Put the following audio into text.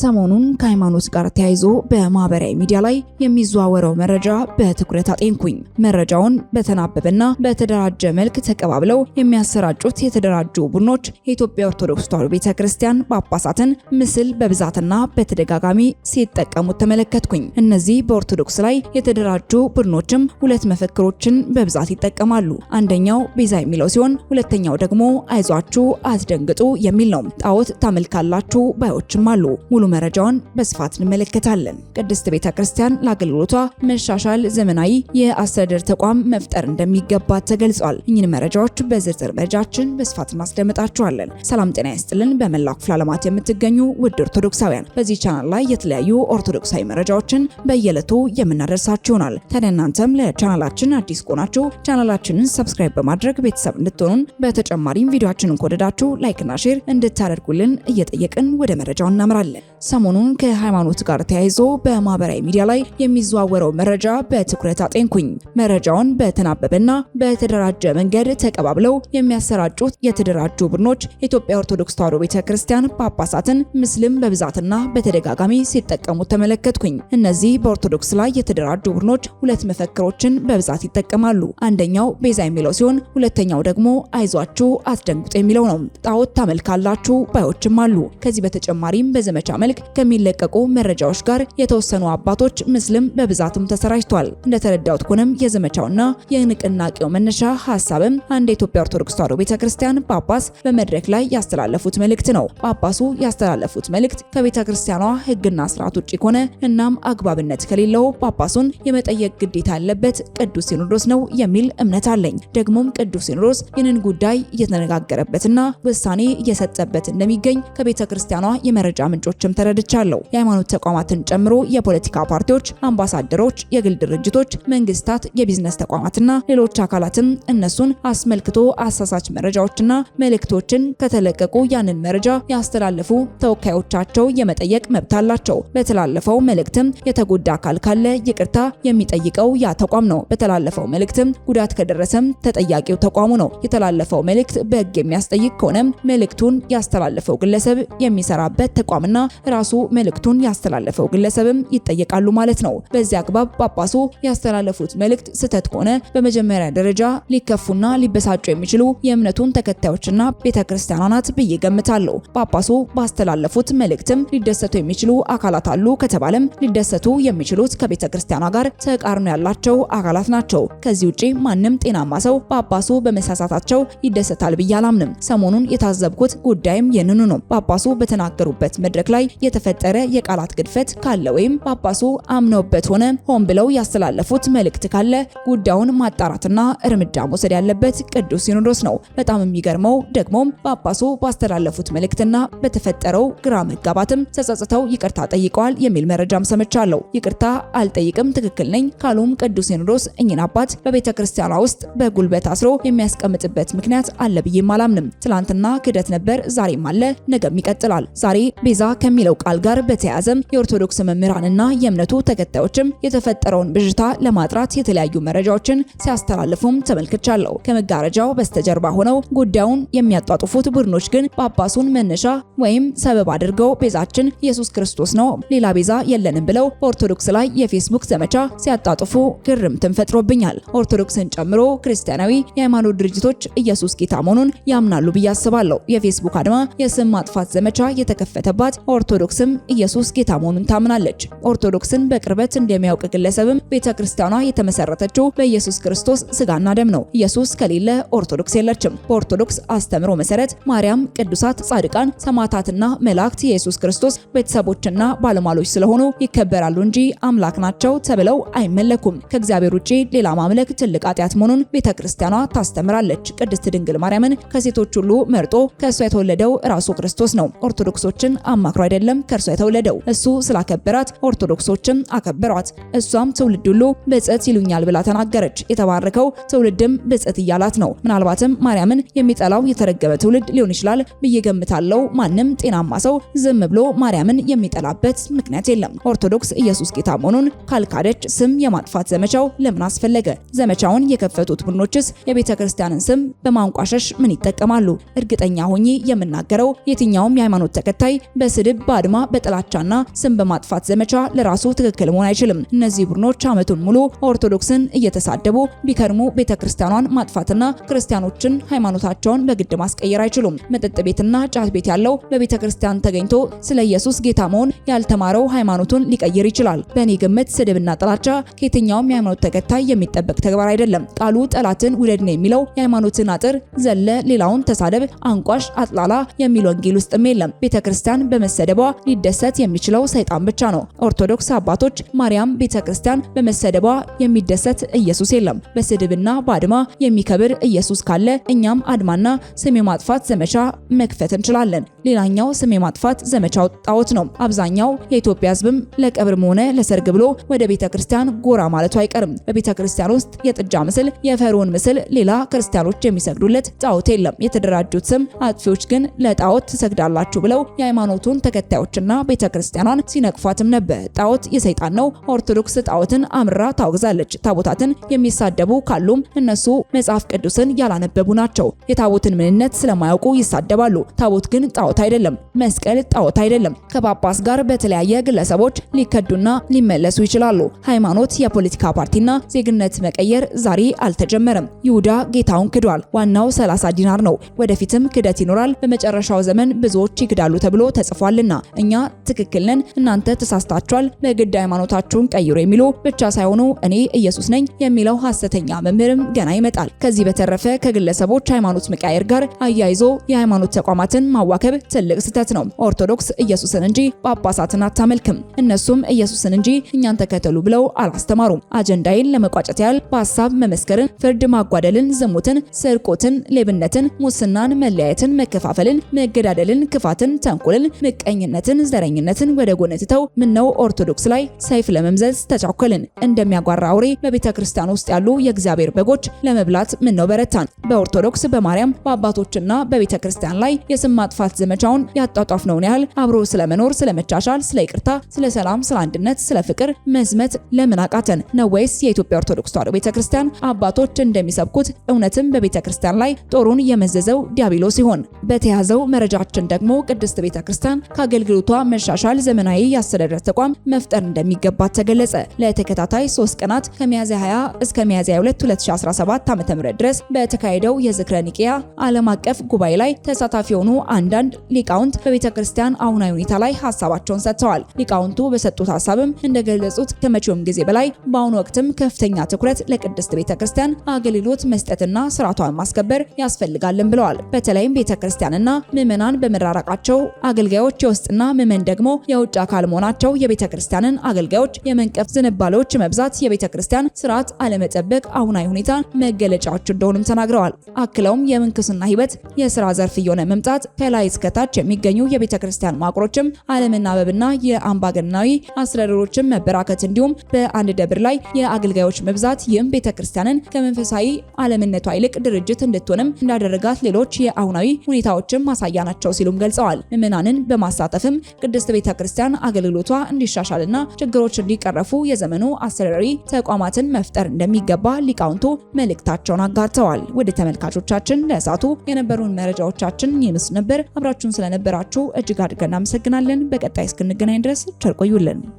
ሰሞኑን ከሃይማኖት ጋር ተያይዞ በማህበራዊ ሚዲያ ላይ የሚዘዋወረው መረጃ በትኩረት አጤንኩኝ። መረጃውን በተናበበና በተደራጀ መልክ ተቀባብለው የሚያሰራጩት የተደራጁ ቡድኖች የኢትዮጵያ ኦርቶዶክስ ተዋሕዶ ቤተ ክርስቲያን ጳጳሳትን ምስል በብዛትና በተደጋጋሚ ሲጠቀሙት ተመለከትኩኝ። እነዚህ በኦርቶዶክስ ላይ የተደራጁ ቡድኖችም ሁለት መፈክሮችን በብዛት ይጠቀማሉ። አንደኛው ቤዛ የሚለው ሲሆን ሁለተኛው ደግሞ አይዟችሁ አትደንግጡ የሚል ነው። ጣዖት ታመልካላችሁ ባዮችም አሉ። ሙሉ መረጃውን በስፋት እንመለከታለን። ቅድስት ቤተ ክርስቲያን ለአገልግሎቷ መሻሻል ዘመናዊ የአስተዳደር ተቋም መፍጠር እንደሚገባ ተገልጿል። እኚህን መረጃዎች በዝርዝር መረጃችን በስፋት እናስደምጣችኋለን። ሰላም ጤና ይስጥልን። በመላው ክፍለ ዓለማት የምትገኙ ውድ ኦርቶዶክሳውያን በዚህ ቻናል ላይ የተለያዩ ኦርቶዶክሳዊ መረጃዎችን በየዕለቱ የምናደርሳችሁ ይሆናል። ታዲያ እናንተም ለቻናላችን አዲስ ከሆናችሁ ቻናላችንን ሰብስክራይብ በማድረግ ቤተሰብ እንድትሆኑን በተጨማሪም ቪዲዮችንን ከወደዳችሁ ላይክና ሼር እንድታደርጉልን እየጠየቅን ወደ መረጃው እናምራለን። ሰሞኑን ከሃይማኖት ጋር ተያይዞ በማህበራዊ ሚዲያ ላይ የሚዘዋወረው መረጃ በትኩረት አጤንኩኝ። መረጃውን በተናበበና በተደራጀ መንገድ ተቀባብለው የሚያሰራጩት የተደራጁ ቡድኖች የኢትዮጵያ ኦርቶዶክስ ተዋሕዶ ቤተክርስቲያን ጳጳሳትን ምስልም በብዛትና በተደጋጋሚ ሲጠቀሙ ተመለከትኩኝ። እነዚህ በኦርቶዶክስ ላይ የተደራጁ ቡድኖች ሁለት መፈክሮችን በብዛት ይጠቀማሉ። አንደኛው ቤዛ የሚለው ሲሆን ሁለተኛው ደግሞ አይዟችሁ አትደንግጡ የሚለው ነው። ጣዖት ታመልካላችሁ ባዮችም አሉ። ከዚህ በተጨማሪም በዘመቻ መልክ ከሚለቀቁ መረጃዎች ጋር የተወሰኑ አባቶች ምስልም በብዛትም ተሰራጅቷል። እንደተረዳሁት ከሆነም የዘመቻውና የንቅናቄው መነሻ ሀሳብም አንድ የኢትዮጵያ ኦርቶዶክስ ተዋሕዶ ቤተክርስቲያን ጳጳስ በመድረክ ላይ ያስተላለፉት መልእክት ነው። ጳጳሱ ያስተላለፉት መልእክት ከቤተክርስቲያኗ ሕግና ስርዓት ውጪ ከሆነ እናም አግባብነት ከሌለው ጳጳሱን የመጠየቅ ግዴታ ያለበት ቅዱስ ሲኖዶስ ነው የሚል እምነት አለኝ። ደግሞም ቅዱስ ሲኖዶስ ይህንን ጉዳይ እየተነጋገረበትና ውሳኔ እየሰጠበት እንደሚገኝ ከቤተክርስቲያኗ የመረጃ ምንጮች መሆናቸውንም ተረድቻለሁ። የሃይማኖት ተቋማትን ጨምሮ የፖለቲካ ፓርቲዎች፣ አምባሳደሮች፣ የግል ድርጅቶች፣ መንግስታት፣ የቢዝነስ ተቋማትና ሌሎች አካላትም እነሱን አስመልክቶ አሳሳች መረጃዎችና መልእክቶችን ከተለቀቁ ያንን መረጃ ያስተላለፉ ተወካዮቻቸው የመጠየቅ መብት አላቸው። በተላለፈው መልእክትም የተጎዳ አካል ካለ ይቅርታ የሚጠይቀው ያ ተቋም ነው። በተላለፈው መልእክትም ጉዳት ከደረሰም ተጠያቂው ተቋሙ ነው። የተላለፈው መልእክት በህግ የሚያስጠይቅ ከሆነም መልእክቱን ያስተላለፈው ግለሰብ የሚሰራበት ተቋምና ራሱ መልእክቱን ያስተላለፈው ግለሰብም ይጠየቃሉ ማለት ነው። በዚህ አግባብ ጳጳሱ ያስተላለፉት መልእክት ስህተት ከሆነ በመጀመሪያ ደረጃ ሊከፉና ሊበሳጩ የሚችሉ የእምነቱን ተከታዮችና ቤተክርስቲያናት ብዬ ገምታለሁ። ጳጳሱ ባስተላለፉት መልእክትም ሊደሰቱ የሚችሉ አካላት አሉ ከተባለም ሊደሰቱ የሚችሉት ከቤተክርስቲያኗ ጋር ተቃርኖ ያላቸው አካላት ናቸው። ከዚህ ውጪ ማንም ጤናማ ሰው ጳጳሱ በመሳሳታቸው ይደሰታል ብዬ አላምንም። ሰሞኑን የታዘብኩት ጉዳይም ይህንኑ ነው። ጳጳሱ በተናገሩበት መድረክ ላይ የተፈጠረ የቃላት ግድፈት ካለ ወይም ጳጳሱ አምነውበት ሆነ ሆን ብለው ያስተላለፉት መልእክት ካለ ጉዳዩን ማጣራትና እርምጃ መውሰድ ያለበት ቅዱስ ሲኖዶስ ነው። በጣም የሚገርመው ደግሞም ጳጳሱ ባስተላለፉት መልእክትና በተፈጠረው ግራ መጋባትም ተጸጽተው ይቅርታ ጠይቀዋል የሚል መረጃም ሰምቻለሁ። ይቅርታ አልጠይቅም ትክክል ነኝ ካሉም ቅዱስ ሲኖዶስ እኝን አባት በቤተ ክርስቲያኗ ውስጥ በጉልበት አስሮ የሚያስቀምጥበት ምክንያት አለ ብዬም አላምንም። ትላንትና ክህደት ነበር፣ ዛሬም አለ፣ ነገም ይቀጥላል። ዛሬ ቤዛ ከሚለው ቃል ጋር በተያያዘም የኦርቶዶክስ መምህራንና የእምነቱ ተከታዮችም የተፈጠረውን ብዥታ ለማጥራት የተለያዩ መረጃዎችን ሲያስተላልፉም ተመልክቻለሁ። ከመጋረጃው በስተጀርባ ሆነው ጉዳዩን የሚያጧጡፉት ቡድኖች ግን ጳጳሱን መነሻ ወይም ሰበብ አድርገው ቤዛችን ኢየሱስ ክርስቶስ ነው፣ ሌላ ቤዛ የለንም ብለው በኦርቶዶክስ ላይ የፌስቡክ ዘመቻ ሲያጣጥፉ ግርምትን ፈጥሮብኛል። ኦርቶዶክስን ጨምሮ ክርስቲያናዊ የሃይማኖት ድርጅቶች ኢየሱስ ጌታ መሆኑን ያምናሉ ብዬ አስባለሁ። የፌስቡክ አድማ የስም ማጥፋት ዘመቻ የተከፈተባት ኦርቶዶክስም ኢየሱስ ጌታ መሆኑን ታምናለች። ኦርቶዶክስን በቅርበት እንደሚያውቅ ግለሰብም ቤተ ክርስቲያኗ የተመሰረተችው በኢየሱስ ክርስቶስ ስጋና ደም ነው። ኢየሱስ ከሌለ ኦርቶዶክስ የለችም። በኦርቶዶክስ አስተምሮ መሰረት ማርያም፣ ቅዱሳት፣ ጻድቃን፣ ሰማዕታትና መላእክት የኢየሱስ ክርስቶስ ቤተሰቦችና ባለሟሎች ስለሆኑ ይከበራሉ እንጂ አምላክ ናቸው ተብለው አይመለኩም። ከእግዚአብሔር ውጪ ሌላ ማምለክ ትልቅ ኃጢአት መሆኑን ቤተ ክርስቲያኗ ታስተምራለች። ቅድስት ድንግል ማርያምን ከሴቶች ሁሉ መርጦ ከእሷ የተወለደው ራሱ ክርስቶስ ነው። ኦርቶዶክሶችን አማክሯል አይደለም ከእርሷ የተወለደው። እሱ ስላከበራት ኦርቶዶክሶችም አከበሯት። እሷም ትውልድ ሁሉ ብጽዕት ይሉኛል ብላ ተናገረች። የተባረከው ትውልድም ብጽዕት እያላት ነው። ምናልባትም ማርያምን የሚጠላው የተረገበ ትውልድ ሊሆን ይችላል ብዬ ገምታለው ማንም ጤናማ ሰው ዝም ብሎ ማርያምን የሚጠላበት ምክንያት የለም። ኦርቶዶክስ ኢየሱስ ጌታ መሆኑን ካልካደች ስም የማጥፋት ዘመቻው ለምን አስፈለገ? ዘመቻውን የከፈቱት ቡድኖችስ የቤተ ክርስቲያንን ስም በማንቋሸሽ ምን ይጠቀማሉ? እርግጠኛ ሆኜ የምናገረው የትኛውም የሃይማኖት ተከታይ በስድብ በግብ በአድማ በጥላቻና ስም በማጥፋት ዘመቻ ለራሱ ትክክል መሆን አይችልም። እነዚህ ቡድኖች ዓመቱን ሙሉ ኦርቶዶክስን እየተሳደቡ ቢከርሙ ቤተክርስቲያኗን ማጥፋትና ክርስቲያኖችን ሃይማኖታቸውን በግድ ማስቀየር አይችሉም። መጠጥ ቤትና ጫት ቤት ያለው በቤተክርስቲያን ተገኝቶ ስለ ኢየሱስ ጌታ መሆን ያልተማረው ሃይማኖቱን ሊቀይር ይችላል። በእኔ ግምት ስድብና ጥላቻ ከየትኛውም የሃይማኖት ተከታይ የሚጠበቅ ተግባር አይደለም። ቃሉ ጠላትን ውደድ ነው የሚለው የሃይማኖትን አጥር ዘለ ሌላውን ተሳደብ፣ አንቋሽ፣ አጥላላ የሚል ወንጌል ውስጥም የለም። ቤተክርስቲያን በመሰደ በመሰደቧ ሊደሰት የሚችለው ሰይጣን ብቻ ነው። ኦርቶዶክስ አባቶች ማርያም ቤተክርስቲያን በመሰደቧ የሚደሰት ኢየሱስ የለም። በስድብና በአድማ የሚከብር ኢየሱስ ካለ እኛም አድማና ስም የማጥፋት ዘመቻ መክፈት እንችላለን። ሌላኛው ስም የማጥፋት ዘመቻው ጣዖት ነው። አብዛኛው የኢትዮጵያ ሕዝብም ለቀብርም ሆነ ለሰርግ ብሎ ወደ ቤተክርስቲያን ጎራ ማለቱ አይቀርም። በቤተክርስቲያን ውስጥ የጥጃ ምስል፣ የፈርዖን ምስል፣ ሌላ ክርስቲያኖች የሚሰግዱለት ጣዖት የለም። የተደራጁት ስም አጥፊዎች ግን ለጣዖት ትሰግዳላችሁ ብለው የሃይማኖቱን ተከ ተከታዮችና ቤተክርስቲያኗን ክርስቲያኗን ሲነቅፏትም ነበር። ጣዖት የሰይጣን ነው። ኦርቶዶክስ ጣዖትን አምራ ታወግዛለች። ታቦታትን የሚሳደቡ ካሉም እነሱ መጽሐፍ ቅዱስን ያላነበቡ ናቸው። የታቦትን ምንነት ስለማያውቁ ይሳደባሉ። ታቦት ግን ጣዖት አይደለም። መስቀል ጣዖት አይደለም። ከጳጳስ ጋር በተለያየ ግለሰቦች ሊከዱና ሊመለሱ ይችላሉ። ሃይማኖት፣ የፖለቲካ ፓርቲና ዜግነት መቀየር ዛሬ አልተጀመረም። ይሁዳ ጌታውን ክዷል። ዋናው 30 ዲናር ነው። ወደፊትም ክደት ይኖራል። በመጨረሻው ዘመን ብዙዎች ይክዳሉ ተብሎ ተጽፏልና ናቸውና እኛ ትክክል ነን፣ እናንተ ተሳስታችኋል፣ በግድ ሃይማኖታችሁን ቀይሩ የሚሉ ብቻ ሳይሆኑ እኔ ኢየሱስ ነኝ የሚለው ሐሰተኛ መምህርም ገና ይመጣል። ከዚህ በተረፈ ከግለሰቦች ሃይማኖት መቃየር ጋር አያይዞ የሃይማኖት ተቋማትን ማዋከብ ትልቅ ስህተት ነው። ኦርቶዶክስ ኢየሱስን እንጂ ጳጳሳትን አታመልክም። እነሱም ኢየሱስን እንጂ እኛን ተከተሉ ብለው አላስተማሩም። አጀንዳይን ለመቋጨት ያህል በሀሳብ መመስከርን፣ ፍርድ ማጓደልን፣ ዝሙትን፣ ስርቆትን፣ ሌብነትን፣ ሙስናን፣ መለያየትን፣ መከፋፈልን፣ መገዳደልን፣ ክፋትን፣ ተንኮልን፣ ምቀኝ ዘረኝነትን ዘረኝነትን ወደ ጎን ትተው ምነው ኦርቶዶክስ ላይ ሰይፍ ለመምዘዝ ተቻኮልን? እንደሚያጓራ አውሬ በቤተ ክርስቲያን ውስጥ ያሉ የእግዚአብሔር በጎች ለመብላት ምነው በረታን? በኦርቶዶክስ በማርያም በአባቶችና በቤተ ክርስቲያን ላይ የስም ማጥፋት ዘመቻውን ያጧጧፍነውን ያህል አብሮ ስለመኖር፣ ስለመቻቻል፣ ስለ ይቅርታ፣ ስለ ሰላም፣ ስለ አንድነት፣ ስለ ፍቅር መዝመት ለምን አቃተን? ነው ወይስ የኢትዮጵያ ኦርቶዶክስ ተዋሕዶ ቤተ ክርስቲያን አባቶች እንደሚሰብኩት እውነትም በቤተ ክርስቲያን ላይ ጦሩን የመዘዘው ዲያብሎስ ሲሆን፣ በተያዘው መረጃችን ደግሞ ቅድስት ቤተ ክርስቲያን አገልግሎቷ መሻሻል ዘመናዊ የአስተዳደር ተቋም መፍጠር እንደሚገባት ተገለጸ። ለተከታታይ ሶስት ቀናት ከሚያዝያ 20 እስከ ሚያዝያ 2 2017 ዓ.ም ድረስ በተካሄደው የዝክረ ኒቅያ ዓለም አቀፍ ጉባኤ ላይ ተሳታፊ የሆኑ አንዳንድ ሊቃውንት በቤተ ክርስቲያን አሁናዊ ሁኔታ ላይ ሀሳባቸውን ሰጥተዋል። ሊቃውንቱ በሰጡት ሀሳብም እንደገለጹት ከመቼውም ጊዜ በላይ በአሁኑ ወቅትም ከፍተኛ ትኩረት ለቅድስት ቤተ ክርስቲያን አገልግሎት መስጠትና ስርዓቷን ማስከበር ያስፈልጋልን ብለዋል። በተለይም ቤተ ክርስቲያንና ምዕመናን በመራራቃቸው አገልጋዮች የውስጥና ምዕመን ደግሞ የውጭ አካል መሆናቸው የቤተ ክርስቲያንን አገልጋዮች የመንቀፍ ዝንባሌዎች መብዛት የቤተ ክርስቲያን ስርዓት አለመጠበቅ አሁናዊ ሁኔታ መገለጫዎች እንደሆኑም ተናግረዋል። አክለውም የምንኩስና ህይወት የስራ ዘርፍ እየሆነ መምጣት ከላይ እስከታች የሚገኙ የቤተ ክርስቲያን መዋቅሮችም አለመናበብና የአምባገናዊ አስተዳደሮችን መበራከት እንዲሁም በአንድ ደብር ላይ የአገልጋዮች መብዛት ይህም ቤተ ክርስቲያንን ከመንፈሳዊ አለምነቷ ይልቅ ድርጅት እንድትሆንም እንዳደረጋት ሌሎች የአሁናዊ ሁኔታዎችም ማሳያ ናቸው ሲሉም ገልጸዋል። ምዕመናንን በማስ በማሳተፍም ቅድስት ቤተ ክርስቲያን አገልግሎቷ እንዲሻሻልና ችግሮች እንዲቀረፉ የዘመኑ አሰሪ ተቋማትን መፍጠር እንደሚገባ ሊቃውንቱ መልእክታቸውን አጋርተዋል። ወደ ተመልካቾቻችን ለእሳቱ የነበሩን መረጃዎቻችን ይምስ ነበር። አብራችሁን ስለነበራችሁ እጅግ አድርገን እናመሰግናለን። በቀጣይ እስክንገናኝ ድረስ ቸር ቆዩልን።